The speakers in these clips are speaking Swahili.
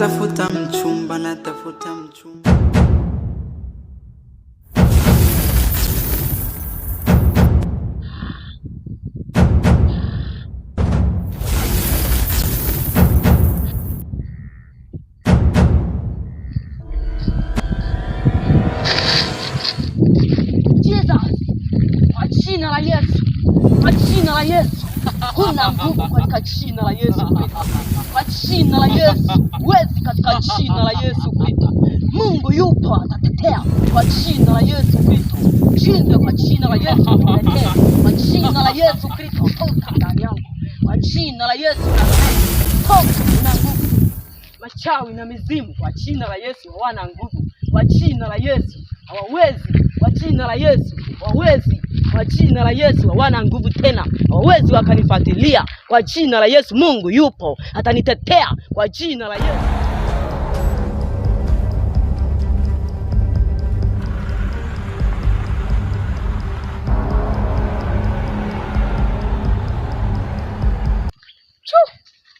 natafuta mchumba, natafuta mchumba. Jesus! Kwa jina la Yesu! Kwa jina la Yesu! huna nguvu katika jina la Yesu Kristo, kwa jina la Yesu wezi, katika jina la Yesu Kristo. Mungu yupo atatetea, kwa jina la Yesu Kristo. Shinde kwa jina la Yesu, tetea kwa jina la Yesu Kristo. Toka ndani yangu kwa jina la Yesu, toka na nguvu machawi na mizimu, kwa jina la Yesu. Hawana nguvu, kwa jina la Yesu hawawezi, kwa jina la Yesu hawawezi kwa jina la Yesu hawana nguvu tena, hawawezi wakanifuatilia. Kwa jina la Yesu, Mungu yupo, atanitetea kwa jina la Yesu.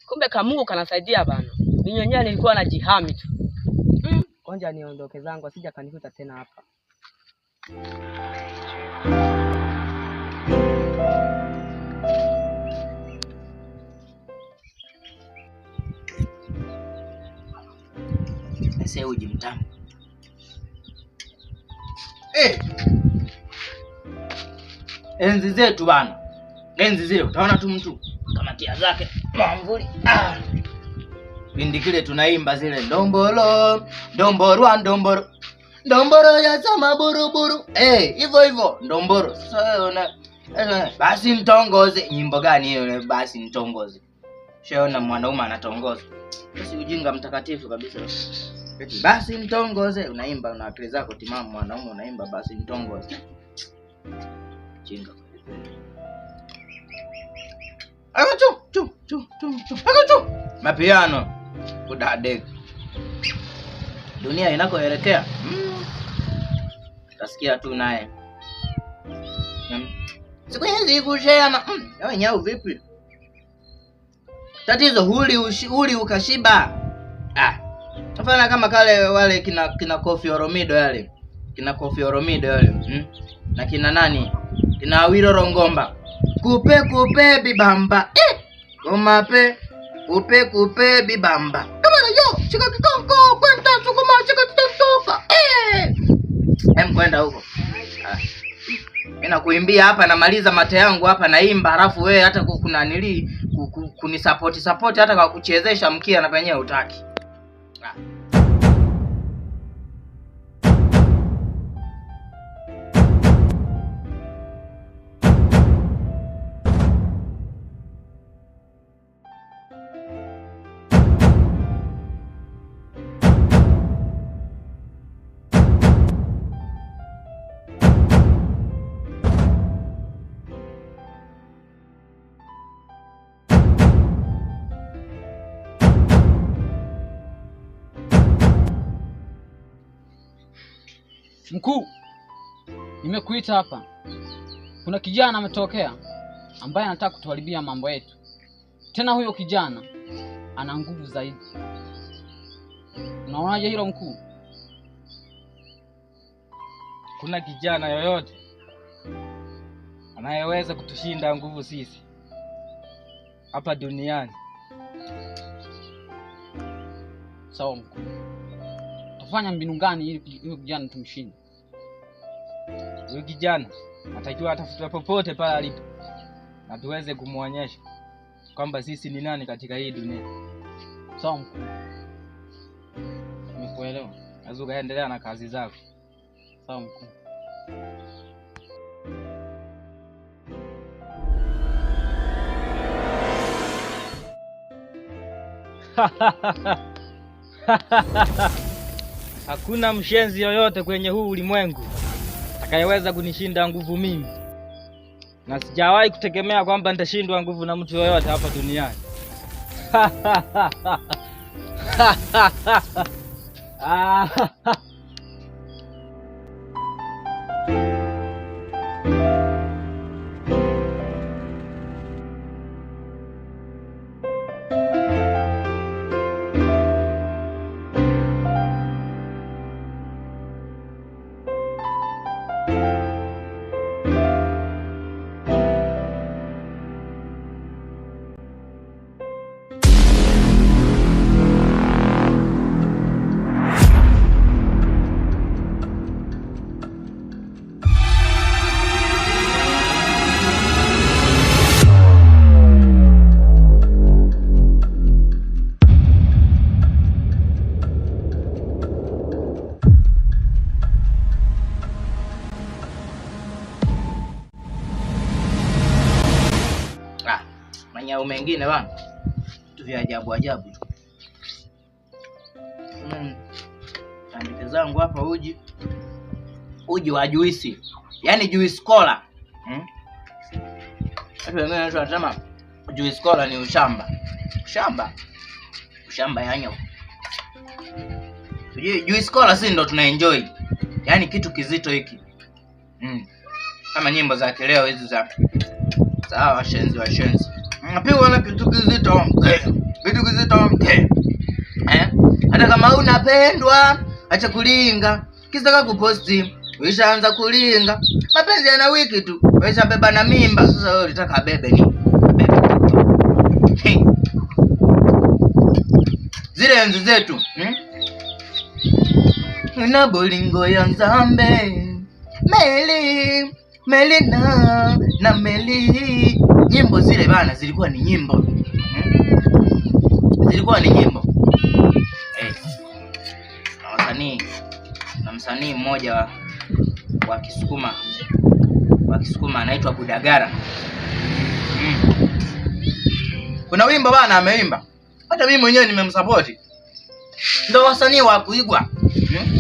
Kumbe kamungu kanasaidia bana. Mimi mwenyewe nilikuwa najihami tu. Mm. Onja niondoke zangu asija kanikuta tena hapa. Sasa uji mtamu. Eh. Enzi zetu bana. Enzi zile utaona tu mtu kama kia zake mamvuli. Ah. Pindi kile tunaimba zile ndombolo, ndomborwa ndomboro. Ndomboro ya sama buruburu. Eh, hivyo hivyo ndomboro. Sasa una basi mtongoze. Nyimbo gani hiyo? Basi mtongoze. Shaona mwanaume anatongoza. Basi ujinga mtakatifu kabisa basi mtongoze, unaimba na akili zako timamu, mwanaume unaimba basi mtongoze. Chinga mapiano kudade dunia inakoelekea mm. Tasikia tu naye mm. Siku hizi kusheana mm. Wenyau vipi? Tatizo huli, huli ukashiba ah tafana kama kale wale kina kina Kofi Oromido yale. Kina Kofi Oromido yale. Hmm? Na kina nani? Kina Awilo Rongomba. Kupe kupe bibamba. Eh! Komape. Kupe kupe bibamba. Kama na yo, shika kikongo kwenda sukuma shika tutoka. Eh! Hem kwenda huko. Ah. Mimi kuimbia hapa namaliza mate yangu hapa naimba, halafu wewe hata kunanili kunisapoti sapoti hata kwa kuchezesha mkia na penyewe utaki. Ah. Mkuu, nimekuita hapa. Kuna kijana ametokea ambaye anataka kutuharibia mambo yetu. Tena huyo kijana ana nguvu zaidi. Unaonaje hilo mkuu? Kuna kijana yoyote anayeweza kutushinda nguvu sisi hapa duniani? Sawa mkuu kufanya mbinu gani ili huyo kijana tumshinde? Huyo kijana natakiwa atafutwe popote pale alipo, na tuweze kumwonyesha kwamba sisi ni nani katika hii dunia. Sawa mkuu, nimekuelewa. Naweza ukaendelea na kazi zako. Sawa mkuu. Hakuna mshenzi yoyote kwenye huu ulimwengu atakayeweza kunishinda nguvu mimi, na sijawahi kutegemea kwamba nitashindwa nguvu na mtu yoyote hapa duniani. vingine bana, vitu vya ajabu ajabu tu. Mm, andike zangu hapa, uji uji wa juisi, yaani juice cola. Hmm? Watu wengine wanasema juisi kola ni ushamba, ushamba, ushamba yanyo. Sijui juice cola, si ndo tuna enjoy, yaani kitu kizito hiki mm. Kama nyimbo za kileo hizi za sawa, washenzi washenzi Napigwa na kitu kizito mzee, kitu kizito mzee eh? Hata kama unapendwa acha kulinga, kisaka kuposti uishaanza kulinga. Mapenzi yana wiki tu, uishabeba na mimba. Sasa wewe ulitaka bebe ni zile enzi zetu hmm? na bolingo ya Nzambe meli meli na na meli nyimbo zile bana zilikuwa ni nyimbo hmm? zilikuwa ni nyimbo hey. Eh. na wasanii na msanii mmoja wa, wa Kisukuma wa Kisukuma anaitwa Budagara hmm. kuna wimbo bana ameimba hata mimi mwenyewe nimemsapoti ndo wasanii wa kuigwa hmm?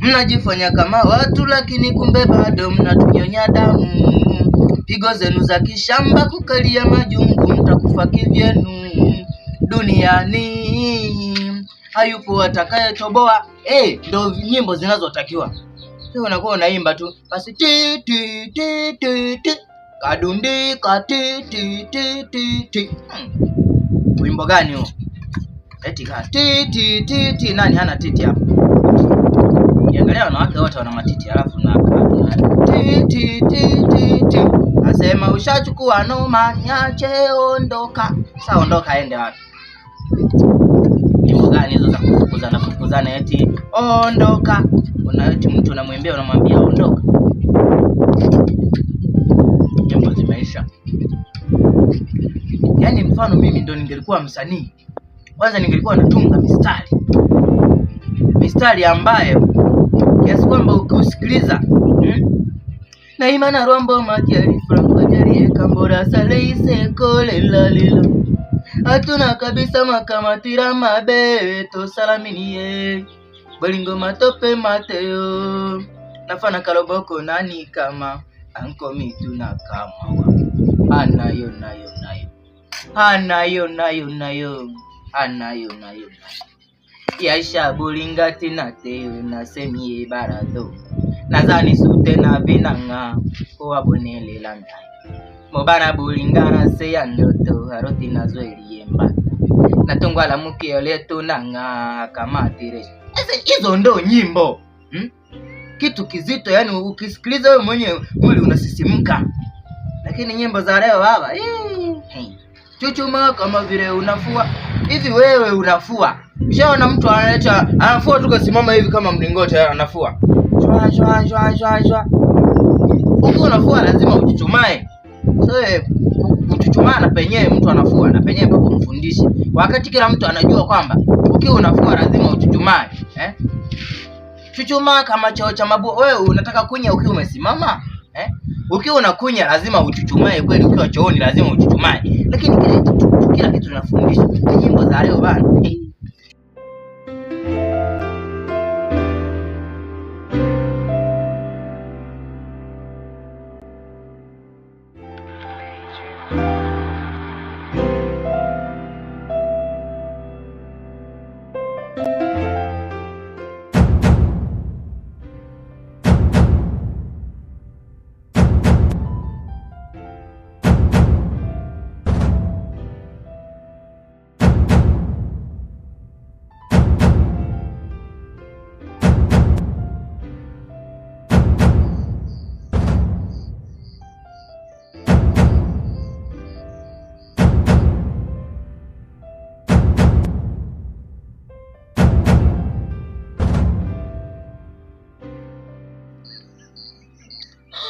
mnajifanya kama watu lakini kumbe bado mnatunyonya damu Pigo zenu za kishamba kukalia majungu, mtakufa kivyenu duniani, hayupo atakayetoboa. Eh, ndo nyimbo zinazotakiwa. Sio unakuwa unaimba tu basi ti ti ti ti ti kadundi kati ti ti ti ti. Wimbo gani huo? Eti ka ti ti ti ti. Nani hana titi hapo? Ukiangalia wanawake wote wana matiti, alafu na ti ti ti ti ti asema ushachukua no man ondoka. Sasa ondoka aende wapi? Nyimbo gani hizo za kufukuzana kufukuzana eti ondoka. Una eti mtu unamwambia unamwambia ondoka. Nyimbo zimeisha. Yaani mfano mimi ndo ningelikuwa msanii. Kwanza ningelikuwa natunga mistari. Mistari ambayo kiasi kwamba ukiusikiliza hmm? Naimana Rombo rwambo Ramkajariye Kambora Saleise Kole Lalila Hatuna kabisa makamatira mabe tosalaminie Bolingo matope Mateo Nafana kaloboko nani kama Ankomi tunakama Anayo nayo nayo Anayo nayo nayo Anayo nayo nayo Yasha bulingati na teo nasemie barado nazani na vinang'a kuwa bonelela ng'ai mobana bolingana se ya ndoto aroti nazo eliembata natongwala mukio letu nang'a kama akamatire hizo ndo nyimbo hmm? kitu kizito yani ukisikiliza wewe mwenyewe mwili unasisimka lakini nyimbo za leo baba chuchuma kama vile unafua hivi wewe unafua ushaona mtu analeta anafua tu kasimama hivi kama mlingoti anafua shwa shwa shwa shwa shwa. unafua lazima uchuchumae. Sasa eh, kuchuchumaa na penyewe mtu anafua na penyewe bado kumfundisha. Wakati kila mtu anajua kwamba ukiwa unafua lazima uchuchumae, eh? Chuchumaa kama choo cha mabua. Wewe unataka kunya ukiwa umesimama? Eh? Ukiwa unakunya lazima uchuchumae kweli, ukiwa chooni lazima uchuchumae. Lakini kile kila kitu tunafundisha. Nyimbo za leo bana.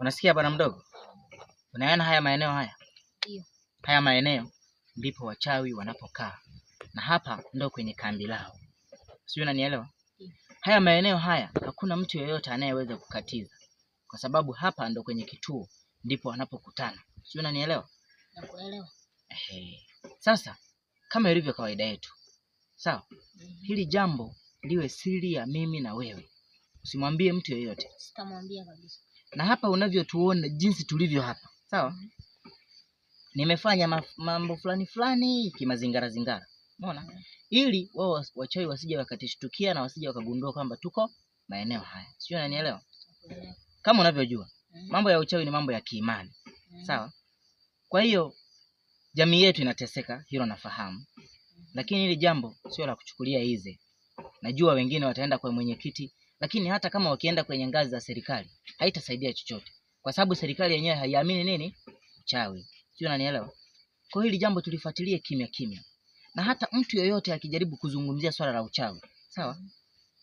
Unasikia bwana mdogo, unaona haya maeneo haya? Ndio. Haya maeneo ndipo wachawi wanapokaa, na hapa ndo kwenye kambi lao, sijui unanielewa? Haya maeneo haya hakuna mtu yoyote anayeweza kukatiza, kwa sababu hapa ndo kwenye kituo, ndipo wanapokutana, sijui unanielewa? Nakuelewa. Ehe, sasa kama ilivyo kawaida yetu, sawa. Mhm. Hili jambo liwe siri ya mimi na wewe, usimwambie mtu yoyote Sitamwambia kabisa na hapa unavyotuona jinsi tulivyo hapa, sawa. Nimefanya mambo fulani fulani kimazingara zingara, umeona, ili wao wachawi wasije wakatishtukia na wasije wakagundua kwamba tuko maeneo haya, sio? Unanielewa? Kama unavyojua mambo ya uchawi ni mambo ya kiimani, sawa. Kwa hiyo jamii yetu inateseka, hilo nafahamu, lakini hili jambo sio la kuchukulia ize. Najua wengine wataenda kwa mwenyekiti lakini hata kama wakienda kwenye ngazi za serikali haitasaidia chochote, kwa sababu serikali yenyewe haiamini nini uchawi, sio? Unanielewa? Kwa hili jambo tulifuatilie kimya kimya, na hata mtu yoyote akijaribu kuzungumzia swala la uchawi, sawa?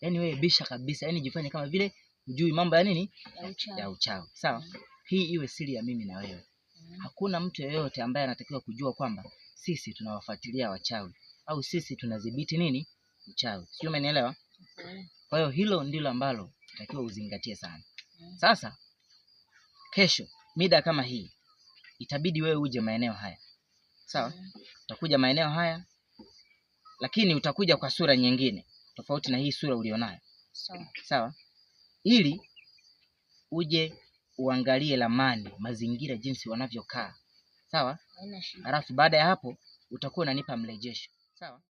Yani wewe bisha kabisa, yani jifanye kama vile ujui mambo ya nini ya uchawi, ya uchawi. Sawa, hii iwe siri ya mimi na wewe. Mm. Hakuna mtu yoyote ambaye anatakiwa kujua kwamba sisi tunawafuatilia wachawi au sisi tunadhibiti nini uchawi, sio? Umenielewa? Kwa hiyo hilo ndilo ambalo takiwa uzingatie sana. Sasa kesho mida kama hii itabidi wewe uje maeneo haya, sawa? Utakuja maeneo haya, lakini utakuja kwa sura nyingine tofauti na hii sura ulionayo, sawa? Ili uje uangalie ramani, mazingira jinsi wanavyokaa, sawa? Halafu baada ya hapo utakuwa unanipa mrejesho, sawa?